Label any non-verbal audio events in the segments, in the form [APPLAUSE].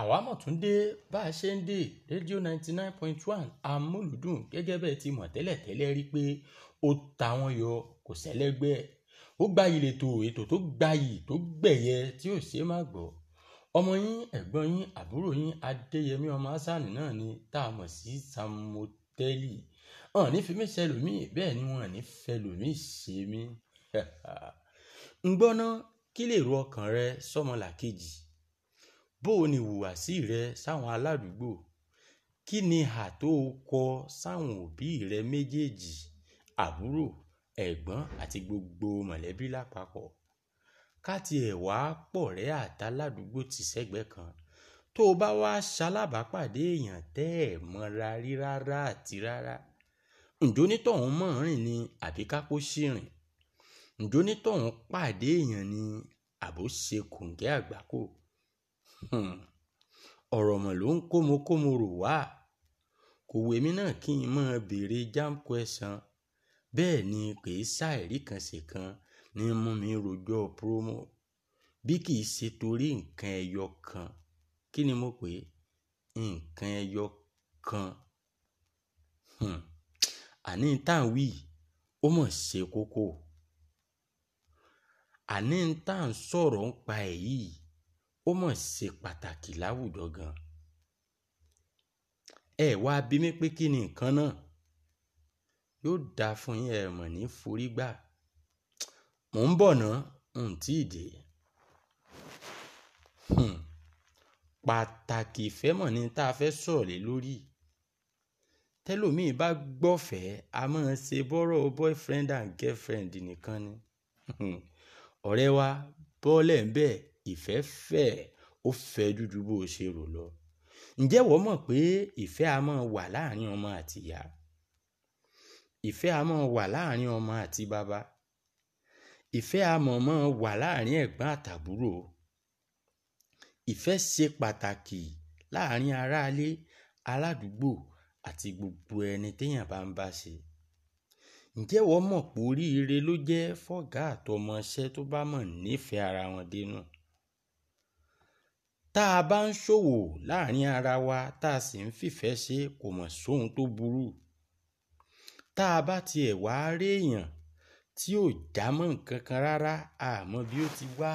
àwa mọ̀ tún dé bá a ṣe ń dé rédíò ninety nine point one amúlùdùn gẹ́gẹ́ bẹ́ẹ̀ ti mọ̀ tẹ́lẹ̀tẹ́lẹ̀ rí pé ó ta wọn yọ kò sẹ́lẹ́gbẹ́ ó gbayì lètò ètò tó gbayì tó gbẹ̀yẹ tí ò ṣe má gbọ́ ọmọ yín ẹ̀gbọ́n yín àbúrò yín adéyẹmí ọmọ hasani náà ni tá a mọ̀ sí samoteli hàn ní fífi ṣe bẹ́ẹ̀ ni wọn ní fẹ́ ṣe mí ń [LAUGHS] gbọ́ná kí lè ro ọkàn rẹ sọ́mọlàkejì. So Bóo ni ìhùwàsí rẹ sáwọn aládùúgbò? Kí ni ìhà tó o kọ sáwọn òbí rẹ méjèèjì, àbúrò, ẹ̀gbọ́n àti gbogbo mọ̀lẹ́bí lápapọ̀? Ká ti ẹ̀ wá pọ̀rẹ́ àt'aládùúgbò tì sẹ́gbẹ̀ẹ́ kan. Tó o bá wá ṣalábàápàdé èèyàn tẹ́ ẹ̀ mọra rí rárá àti rárá, ǹjẹ́ onítọ̀hún mọ̀ọ́rìn ni àbí kápó ṣìrìn? Ǹjẹ́ onítọ̀hún pàdé èèyàn ni àbó ṣe kòńgẹ́ àgbákò? Hmm. ọ̀rọ̀ mọ̀ ló ń kómokómo rò wá kò wèmí náà kí n máa béèrè jam question bẹ́ẹ̀ ni kì í kan ṣe kan ní mú mi rojọ́ promo bí kì í ṣe torí nǹkan ẹyọ kan kí ni mo pè é nǹkan ẹyọ kan hmm. àní tá à ń ó mọ̀ ṣe kókó àní tá ń sọ̀rọ̀ ń pa èyí ó mọ̀ ṣe pàtàkì láwùjọ gan. Ẹ wá bi mí pé kí ni nǹkan náà? Yóò dáa fún yín ẹ mọ̀ ní forí Mò ń bọ̀ ná, n tí ì dé. Hmm. Pàtàkì ìfẹ́ mọ̀ ni tá a fẹ́ sọ̀rọ̀ lé lórí. Tẹ́lòmíì bá gbọ́fẹ̀ẹ́, a máa ṣe bọ́rọ̀ boyfriend and girlfriend nìkan ni. Hmm. Ọ̀rẹ́ wa bọ́lẹ̀ ń bẹ́ẹ̀ ìfẹ́ fẹ̀ ó fẹ́ dúdú bó o ṣe rò lọ ǹjẹ́ wọ́n mọ̀ pé ìfẹ́ a máa wà láàrin ọmọ àti ìyá ìfẹ́ a máa wà láàrin ọmọ àti bàbá ìfẹ́ a mọ̀ máa wà láàrin ẹ̀gbọ́n àtàbúrò ìfẹ́ ṣe pàtàkì láàrin aráalé aládùúgbò àti gbogbo ẹni téèyàn bá ń bá ṣe ǹjẹ́ wọ́n mọ̀ pé oríire ló jẹ́ fọ́gá àtọmọṣẹ́ tó bá mọ̀ nífẹ̀ẹ́ ara wọn dénú tá a bá ń ṣòwò láàrin ara wa tá a sì ń fìfẹ́ ṣe kò mọ̀ sóhun tó burú tá a bá tiẹ̀ wá réèyàn tí ò já nǹkan kan rárá àmọ́ bí ó ti wá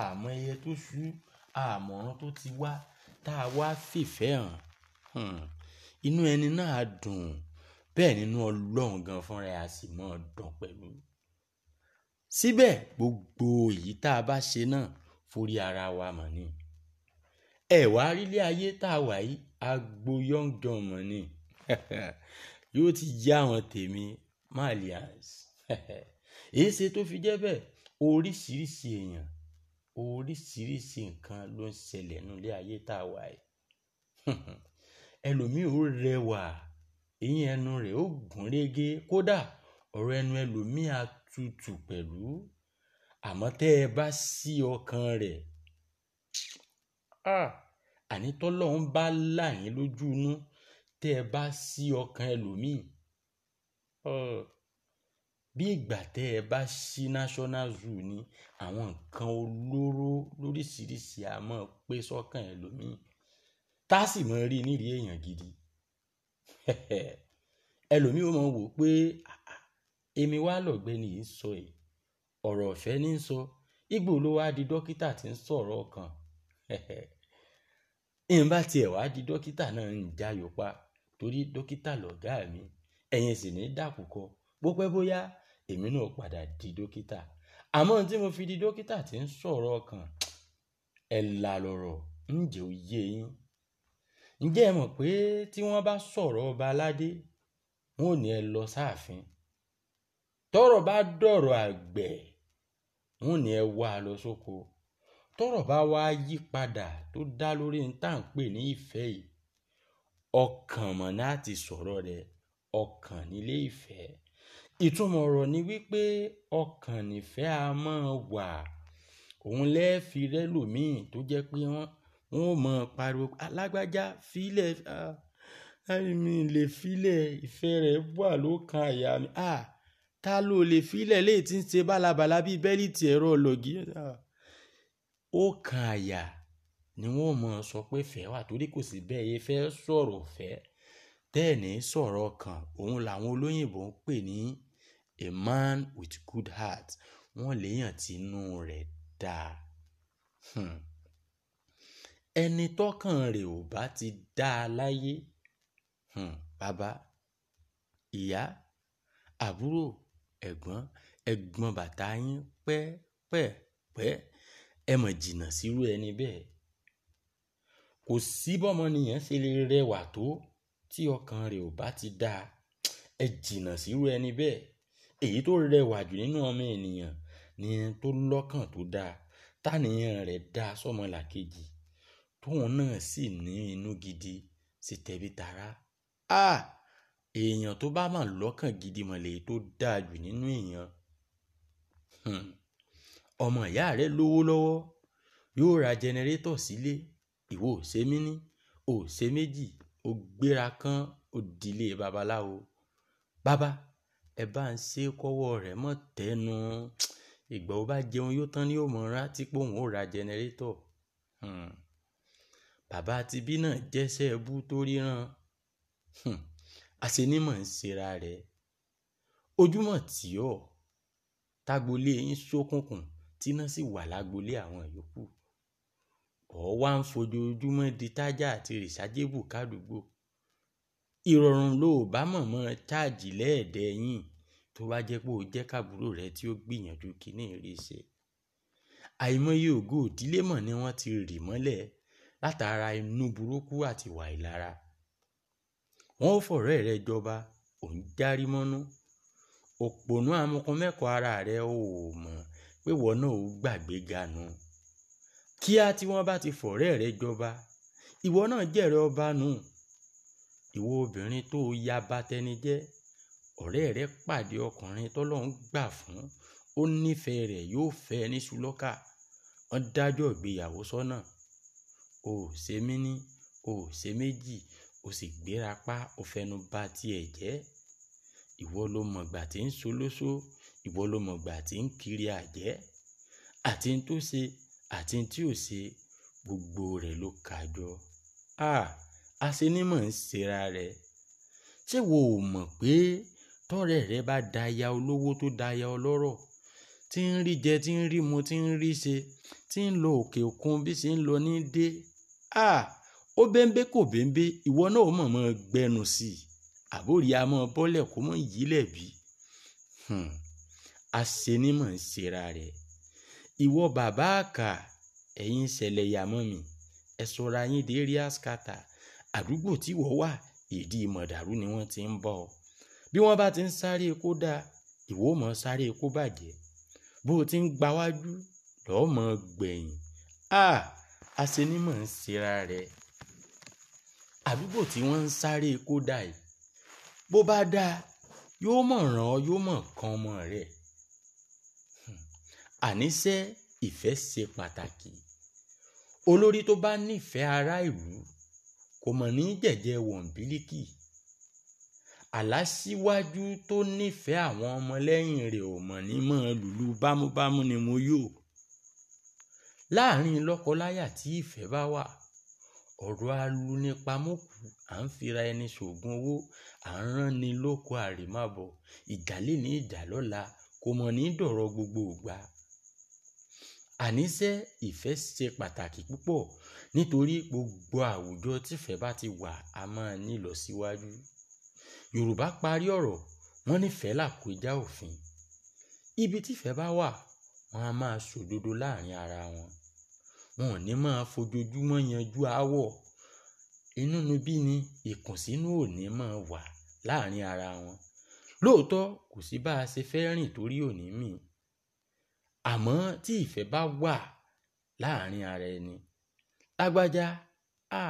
àmọ́ ẹyẹ tó ṣú àmọ̀ràn tó ti wá tá a wá fìfẹ́ hàn inú ẹni náà dùn bẹ́ẹ̀ nínú ọlọ́run gan fúnra ẹ̀ sì mọ́ ọ dùn pẹ̀lú. síbẹ̀ gbogbo èyí tá a bá ṣe náà forí ara wa mọ̀ ni ẹ wá rílé ayé tá a wà yìí agbo young mọ̀ ni [LAUGHS] yóò ti yá àwọn tèmi malians [LAUGHS] èyí ṣe tó fi jẹ́ bẹ́ẹ̀ oríṣiríṣi èèyàn oríṣiríṣi nǹkan ló ń ṣẹlẹ̀ nílé ayé tá a wà yìí [LAUGHS] ẹlòmíì ó rẹwà eyín ẹnu rẹ̀ ó gùn régé kódà ọ̀rọ̀ ẹnu ẹlòmíì á tutù pẹ̀lú àmọ́ tẹ́ ẹ bá sí ọkàn rẹ̀ Ah! Àní tọ́lọ́run bá là yín lójú inú tẹ́ ẹ bá sí ọkàn ẹlòmíì. Oh! Bí ìgbà tẹ́ ẹ bá sí National Zoo ni àwọn nǹkan olóró lóríṣiríṣi a máa pé sọ́kàn ẹlòmíì. Tá sì máa rí nírí èèyàn gidi. [LAUGHS] Ẹlòmíì ó máa wò pé, àáà, èmi wá lọ̀gbẹ́ni yìí ń sọ èyí, ọ̀rọ̀ ọ̀fẹ́ ní sọ, ígbò ló wá di dókítà tí ń sọ̀rọ̀ ọkàn n bá tiẹ̀ wá di dókítà náà ń jayò pa torí dókítà lọ̀gá mi ẹ̀yin sì ní dàkúkọ bó pẹ́ bóyá èmi náà padà di dókítà àmọ́ tí mo fi di dókítà tí ń sọ̀rọ̀ ọkàn ẹ̀ là lọ̀rọ̀ ń jẹ́ òye yín ǹjẹ́ ẹ mọ̀ pé tí wọ́n bá sọ̀rọ̀ ọba aládé wọn ò ní ẹ lọ sáàfin tọ́rọ̀ bá dọ̀rọ̀ àgbẹ̀ wọn ò ní ẹ wá lọ sóko tọ́rọ̀ bá wá yí padà tó dá lórí ní tá à ń pè ní ìfẹ́ yìí ọkàn mọ̀ náà ti sọ̀rọ̀ rẹ̀ ọkàn nílé ìfẹ́ ìtumọ̀ ọ̀rọ̀ ni wípé ọkàn nífẹ́ a máa wà òun lẹ́ẹ̀fi rẹ́lòmíì tó jẹ́ pé wọ́n ó mọ̀ pariwo alágbájá fílẹ̀ mi lè fílẹ̀ ìfẹ́ rẹ̀ wà lókàn àyà mi ta ló lè fílẹ̀ léyìí tí ń ṣe bálabàla bíi bẹ́lí ẹ̀rọ ọlọ́gì ó kan àyà ni wọn ò mọ sọ pé fẹ́ wà torí kò sí bẹ́ẹ̀ yẹ fẹ́ sọ̀rọ̀ fẹ́ tẹ́ẹ̀ní sọ̀rọ̀ kan òun làwọn olóyìnbó ń pè ní a man with good heart wọ́n léèyàn tí inú rẹ̀ dáa hmm. ẹni tọ́kàn rẹ̀ ò bá ti dáa láyé hmm, bàbá ìyá àbúrò ẹ̀gbọ́n ẹ̀gbọ́n bàtà yín pẹ́pẹ́pẹ́ ẹ mọ̀ jìnnà sírú ẹni bẹ́ẹ̀ kò sí bọ́mọnìyàn ṣe lè rẹwà tó tí ọkàn rẹ̀ ò bá ti dáa ẹ jìnnà sírú ẹni bẹ́ẹ̀ èyí tó rẹwà jù nínú ọmọ ènìyàn ni tó lọ́kàn tó dáa tàníyàn rẹ̀ dáa sọ́mọlàkejì tóun náà sì ní inú gidi sí tẹ̀bí tará a èèyàn tó bá mà lọ́kàn gidi mọ̀lẹ́ tó dáa jù nínú èèyàn. Hmm ọmọ ìyá rẹ lówó lọ́wọ́ yóò ra jẹnẹrétọ̀ sílé ìwọ ò ṣe mínì ò ṣe méjì ò gbéra kán òdìlé babaláwo bàbá ẹ bá ń ṣe kọ́wọ́ rẹ̀ mọ́ tẹnu ìgbà ó bá jẹun yóò tán ní òmò rá tí pòun ó ra jẹnẹrétọ̀ hmm. bàbá tibí náà jẹ́sẹ́ ẹbú tó ríran àṣenímọ̀ hmm. ń ṣera rẹ̀ ojúmọ̀ tì ọ́ tágbolé yín ṣókùnkùn tíná sì wà lágbolé àwọn yòókù ọ̀ wá ń fojoojúmọ́ di tájà àti rìsájébù kádùúgbò ìrọ̀rùn ló bá mọ̀mọ́ cháàjì lẹ́ẹ̀dẹ́yìn tó bá jẹ́ pé o jẹ́ kábúrò rẹ tí ó gbìyànjú kíní rí ṣe àìmọye ògo òdílé mọ̀ ni wọ́n ti rì mọ́lẹ̀ látara inú burúkú àti ìwà ìlara wọn rẹ jọba òun járí mọ́nú òpònú amukọ mẹ́kọ̀ọ́ ara rẹ ò mọ̀ pé ìwọ náà ó gbàgbéga nu kíá tí wọ́n bá ti fọ̀rẹ́ rẹ jọba ìwọ náà jẹ̀rẹ̀ ọba nù ìwọ obìnrin tó ya batẹni jẹ́ ọ̀rẹ́ rẹ pàdé ọkùnrin tọ́lọ́run gbà fún ó nífẹ̀ẹ́ rẹ̀ yóò fẹ́ ní ṣùlọ́kà wọ́n dájọ́ ìgbéyàwó sọ́nà o ò ṣe mìíní o ò ṣe méjì o sì gbérapá o fẹnu ba tiẹ̀ jẹ́ ìwọ ló mọ̀gbà tí ń solóso. So ìwọ ló mọ̀ gbà tí ń kiri àjẹ́ àti ń tó ṣe àti ń tí ò ṣe gbogbo rẹ̀ ló kájọ. a aṣenímọ̀ ń ṣera rẹ̀ ṣé wo ò mọ̀ pé tọ́rẹ́ rẹ bá daya olówó tó daya ọlọ́rọ̀ tí ń rí jẹ tí ń rí mu tí ń rí ṣe tí ń lọ òkè òkun bí ṣe ń lọ ní dé a ó bẹ́ńbẹ́ kò bẹ́ńbẹ́ ìwọ náà ó mọ̀ mọ́ gbẹnu sí i àbórí a mọ́ bọ́lẹ̀ kó mọ́ yílẹ̀ bí. Hmm aṣenímọ̀ ń ṣera rẹ̀ ìwọ bàbá àkà ẹ̀yin ìṣẹ̀lẹ̀ yàmọ́ mi ẹ sọra yín dé rí àṣkátà àdúgbò tí wọ́n wà ìdí mọ̀dàrú ni wọ́n ti ń bọ̀ ọ́ bí wọ́n bá ti ń sáré kó dáa ìwọ mọ̀ sáré kó bàjẹ́ bó o ti ń gbawájú lọ́ọ́ mọ̀ gbẹ̀yìn a aṣenímọ̀ rẹ̀ àdúgbò tí wọ́n ń sáré kó dáa bó bá dáa yóò mọ̀ ọ́ yóò mọ̀ kan ọmọ rẹ̀ àníṣe ìfẹ́ ṣe pàtàkì olórí tó bá nífẹ̀ẹ́ ará ìlú kò mọ̀ ní jẹ̀jẹ́ wọ̀nbílíkì aláṣíwájú tó nífẹ̀ẹ́ àwọn ọmọlẹ́yìn rẹ̀ ò mọ̀ ní mọ̀ lùlù bámúbámú ni mo yó láàrin lọ́kọláyà tí ìfẹ́ bá wà ọ̀rọ̀ alunipamọ́kù à ń fira ẹni ṣògùn owó à ń ni lóko àrèmábọ̀ ìjà lè ní ìjà lọ́la kò mọ̀ ní dọ̀rọ̀ gbogbo ìgbà àníṣe ìfẹ́ ṣe pàtàkì púpọ̀ nítorí gbogbo àwùjọ tífẹ̀ẹ́ bá ti wà a máa ní ìlọsíwájú. Yorùbá parí ọ̀rọ̀ wọ́n ní ìfẹ́ làkójá òfin. Ibi tífẹ̀ẹ́ bá wà wọ́n á máa ṣòdodo láàárín ara wọn. Wọn ò ní máa fojoojúmọ́ yanjú aáwọ̀. Inúnibí ni ìkùnsínú ò ní máa wà láàárín ara wọn. Lóòótọ́ kò sí bá a ṣe fẹ́ rìn torí ò ní àmọ́ tí ìfẹ́ bá wà láàrin ara ẹni lágbájá à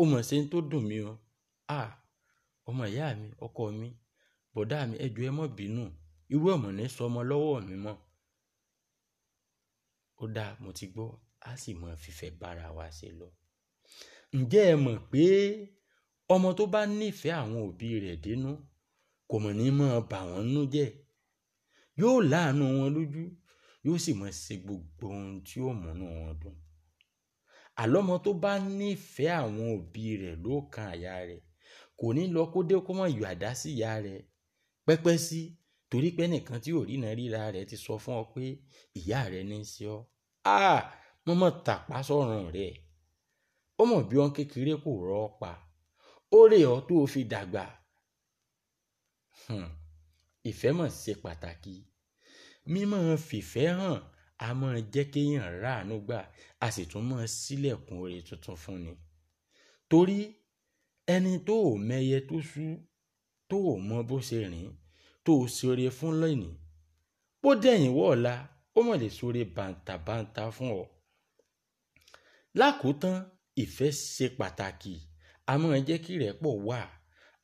ó mọ̀ ṣe ń tó dùn mí o à ọmọ ìyá mi ọkọ mi bọ̀dá mi ẹjọ́ ẹ mọ́ bínú irú ọ̀mọ̀ ní sọmọ lọ́wọ́ mi mọ́ ó dáa mo ti gbọ́ a sì mọ fífẹ́ bára wa ṣe lọ ǹjẹ́ ẹ mọ̀ pé ọmọ tó bá nífẹ̀ẹ́ àwọn òbí rẹ̀ dénú kò mọ̀ ní mọ̀ bà wọ́n nú jẹ́ yóò láàánú wọn lójú yóò sì máa ṣe gbogbo ohun tí ó múnú wọn dùn. àlọ́mọ tó bá nífẹ̀ẹ́ àwọn òbí rẹ̀ lọ́kàn àyà rẹ̀ kò ní lọ kó dé kó mọ̀ yọ̀ àdá sí ìyá rẹ̀ pẹ́pẹ́ sí torí pé nìkan tí òrìnà ríra rẹ̀ ti sọ fún ọ pé ìyá rẹ̀ ní í ṣe ọ́ áà mọ́mọ́ tàpá sọ̀rùn rẹ̀ ó mọ̀ bí wọn kékeré kò rọ́ pa ó rè ọ́ tó o fi dàgbà ìfẹ́ mọ̀ ṣe pàtàkì mímọ́ fìfẹ́ hàn a máa jẹ́ kéèyàn ráàánú gbà a sì tún máa ṣílẹ̀kùn oore tuntun fún ni torí ẹni tó ò mẹyẹ tó sú tó ò mọ bó ṣe rìn tó o ṣoore fún lónìí bó dẹ̀yìn wọ̀ọ́la ó mọ̀ lè ṣoore bàǹtàbàǹtà fún ọ. lákòótán ìfẹ́ ṣe pàtàkì a máa jẹ́ kí ìrẹ́pọ̀ wà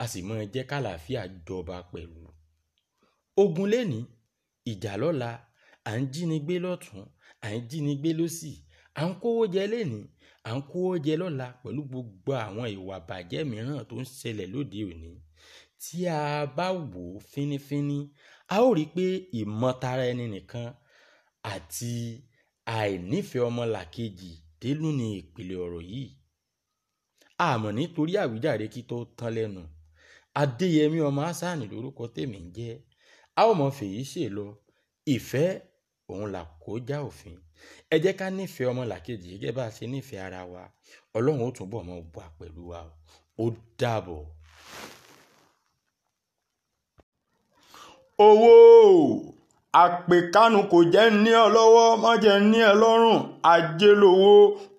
a sì máa jẹ́ kálàáfíà jọba pẹ̀lú. ogun lénìí ìjà lọ́la à ń jínigbé lọ́tún à ń jínigbé lọ́sì à ń kówó jẹ lénìí à ń kówó jẹ lọ́la pẹ̀lú gbogbo àwọn ìwà bàjẹ́ mìíràn tó ń ṣẹlẹ̀ lóde òní tí a bá wò ó fínífíní a ó rí i pé ìmọ̀tara ẹni nìkan àti àìnífẹ̀ẹ́ ọmọlàkejì délú ni ìpìlẹ̀ ọ̀rọ̀ yìí àmọ́ nítorí àwíjàre kí tó tán lẹ́nu Adéyẹmí ọmọ Hasan lórúkọ tèmi ń jẹ́ a ó mọ fèyí ṣe lọ ìfẹ́ òun là kó já òfin ẹ jẹ́ ká nífẹ̀ẹ́ ọmọlàkejì gẹ́gẹ́ bá a ṣe nífẹ̀ẹ́ ara wa ọlọ́run ó túbọ̀ mọ́ wà pẹ̀lú wa ó dàbọ̀. owó àpèkánu kò jẹ́ ní ọ lọ́wọ́ má jẹ́ ní ẹ lọ́rùn ajé lówó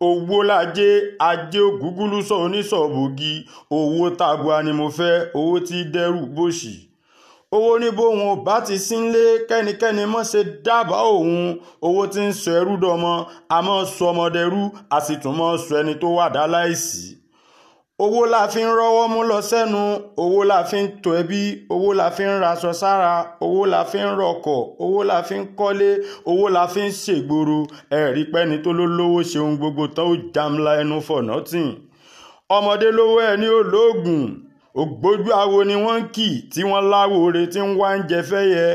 owó lájé ajé ògúngúlú sọ oníṣọ̀bùgì owó tabua ni mo fẹ́ owó tí dẹ́rù bòṣì owó ní bóun ò bá ti sínlé kẹ́nikẹ́ni mọ́ ṣe dábàá òun owó tí ń sọ ẹrú dọmọ a mọ́ sọ ọmọdẹrú a sì tún mọ́ sọ ẹni tó wà dá láìsí owó la fi ń rọ́wọ́ mú lọ sẹ́nu owó la fi ń tọ́ ẹbí owó la fi ń raṣọ sára owó la fi ń rọkọ̀ owó la fi ń kọ́lé owó la fi ń ṣègboro ẹ̀rí pẹ́ni tó ló lówó ṣeun gbogbo tán ó jamla ẹnu for nothing ọmọdé lówó ẹ ní olóògùn ògbójú awo ni wọ́n ń kì tí wọ́n láwòre tí ń wá ń jẹ fẹ́yẹ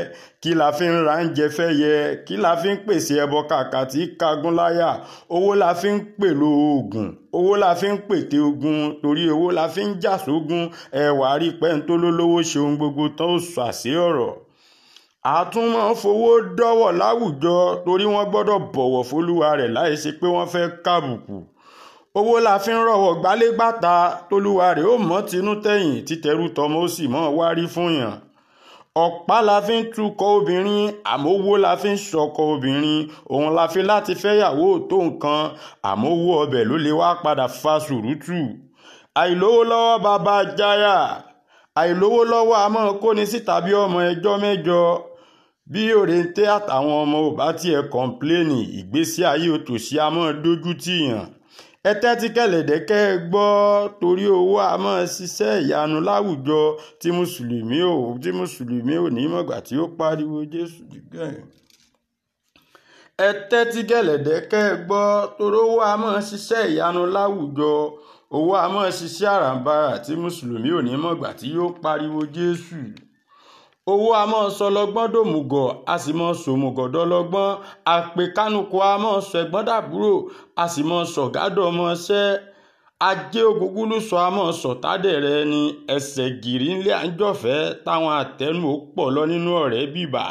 kí la fi ń ra ń jẹ fẹ́yẹ kí la fi ń pèsè ẹbọ kàkà tí kagún láyà owó la fi ń pèlò oògùn owó la fi ń pètè ogun torí owó la fi ń jà sógun ẹwà rí pẹ́ńtó lólówó ṣeun gbogbo tán ó sọ àṣẹ ọ̀rọ̀ àtúmọ̀ fowó dọ́wọ̀ láwùjọ torí wọ́n gbọ́dọ̀ bọ̀wọ̀ fólúwa rẹ̀ láì ṣe pé wọ́n fẹ́ kábùkù owó la fi ń rọ̀wọ̀ gbálégbàta tolúwa rẹ̀ ó mọ̀ tinú tẹ̀yìn títẹrú tọmọ ó sì mọ̀ wárí fún yàn ọ̀pá la fi ń tukọ̀ obìnrin àmówó la fi ń sọkọ obìnrin òun la fi láti fẹ́yàwó tó nǹkan àmówó ọbẹ̀ ló lè wá padà fa sùrùtù àìlówó lọ́wọ́ bàbá jáyà àìlówó lọ́wọ́ a máa kóni síta bí ọmọ ẹjọ́ mẹ́jọ bí òrèǹté àtàwọn ọmọ ò bá tiẹ̀ kọ̀ǹpléènì ìgbésí ayé òtòṣì a máa dójú tìyàn ẹ tẹ́tí kẹ̀lẹ̀dẹ̀ kẹ́ ẹ gbọ́ torí owó a máa ṣiṣẹ́ ìyanu láwùjọ tí mùsùlùmí ò tí mùsùlùmí ò ní mọ̀gbà tí ó pariwo jésù dìgbẹ̀yìn ẹ tẹ́tí kẹ̀lẹ̀dẹ̀ kẹ́ ẹ gbọ́ torí owó a máa ṣiṣẹ́ ìyanu láwùjọ owó a máa ṣiṣẹ́ àràǹbarà tí mùsùlùmí ò ní mọ̀gbà tí yóò pariwo jésù owó a máa sọ lọ́gbọ́n dòmùgọ̀ a sì máa sòmùgọ̀ dọ́lọ́gbọ́n àpèkánukò a máa sọ ẹ̀gbọ́n dàbúrò a sì máa sọ̀gá dọ́mọṣẹ́ ajé ògúngúlù sọ a máa sọ tádẹ̀rẹ́ ni ẹsẹ̀ gìrì ńlẹ̀ àńjọ̀fẹ́ táwọn àtẹnu ó pọ̀ lọ nínú ọ̀rẹ́ bìbà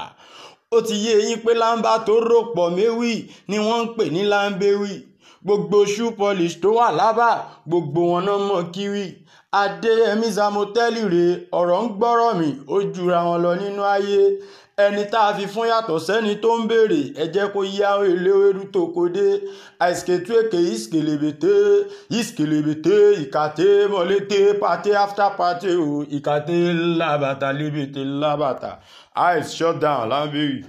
ó ti yé eyín pé láńbá tó rò pọ̀ méwì ni wọ́n ń pè ní láńbéwì gbogbo shoe polish tó wà lábà gbogbo wọn náà mọ̀ kiri adéyẹmí zamotẹ́lì rèé ọ̀rọ̀ ń gbọ́rọ̀ mi ó jura wọn lọ nínú ayé ẹni tá a fi fún yàtọ̀ sẹ́ni tó ń béèrè ẹ kó yá eléwérú tó kó dé àìsíkètú èké ìsìkèlèbètè ìsìkèlèbètè ìkàtè mọ̀lété pàtè after pàtè o ìkàtè ńlá bàtà lébètè ńlá eyes shut down lábẹ́rì.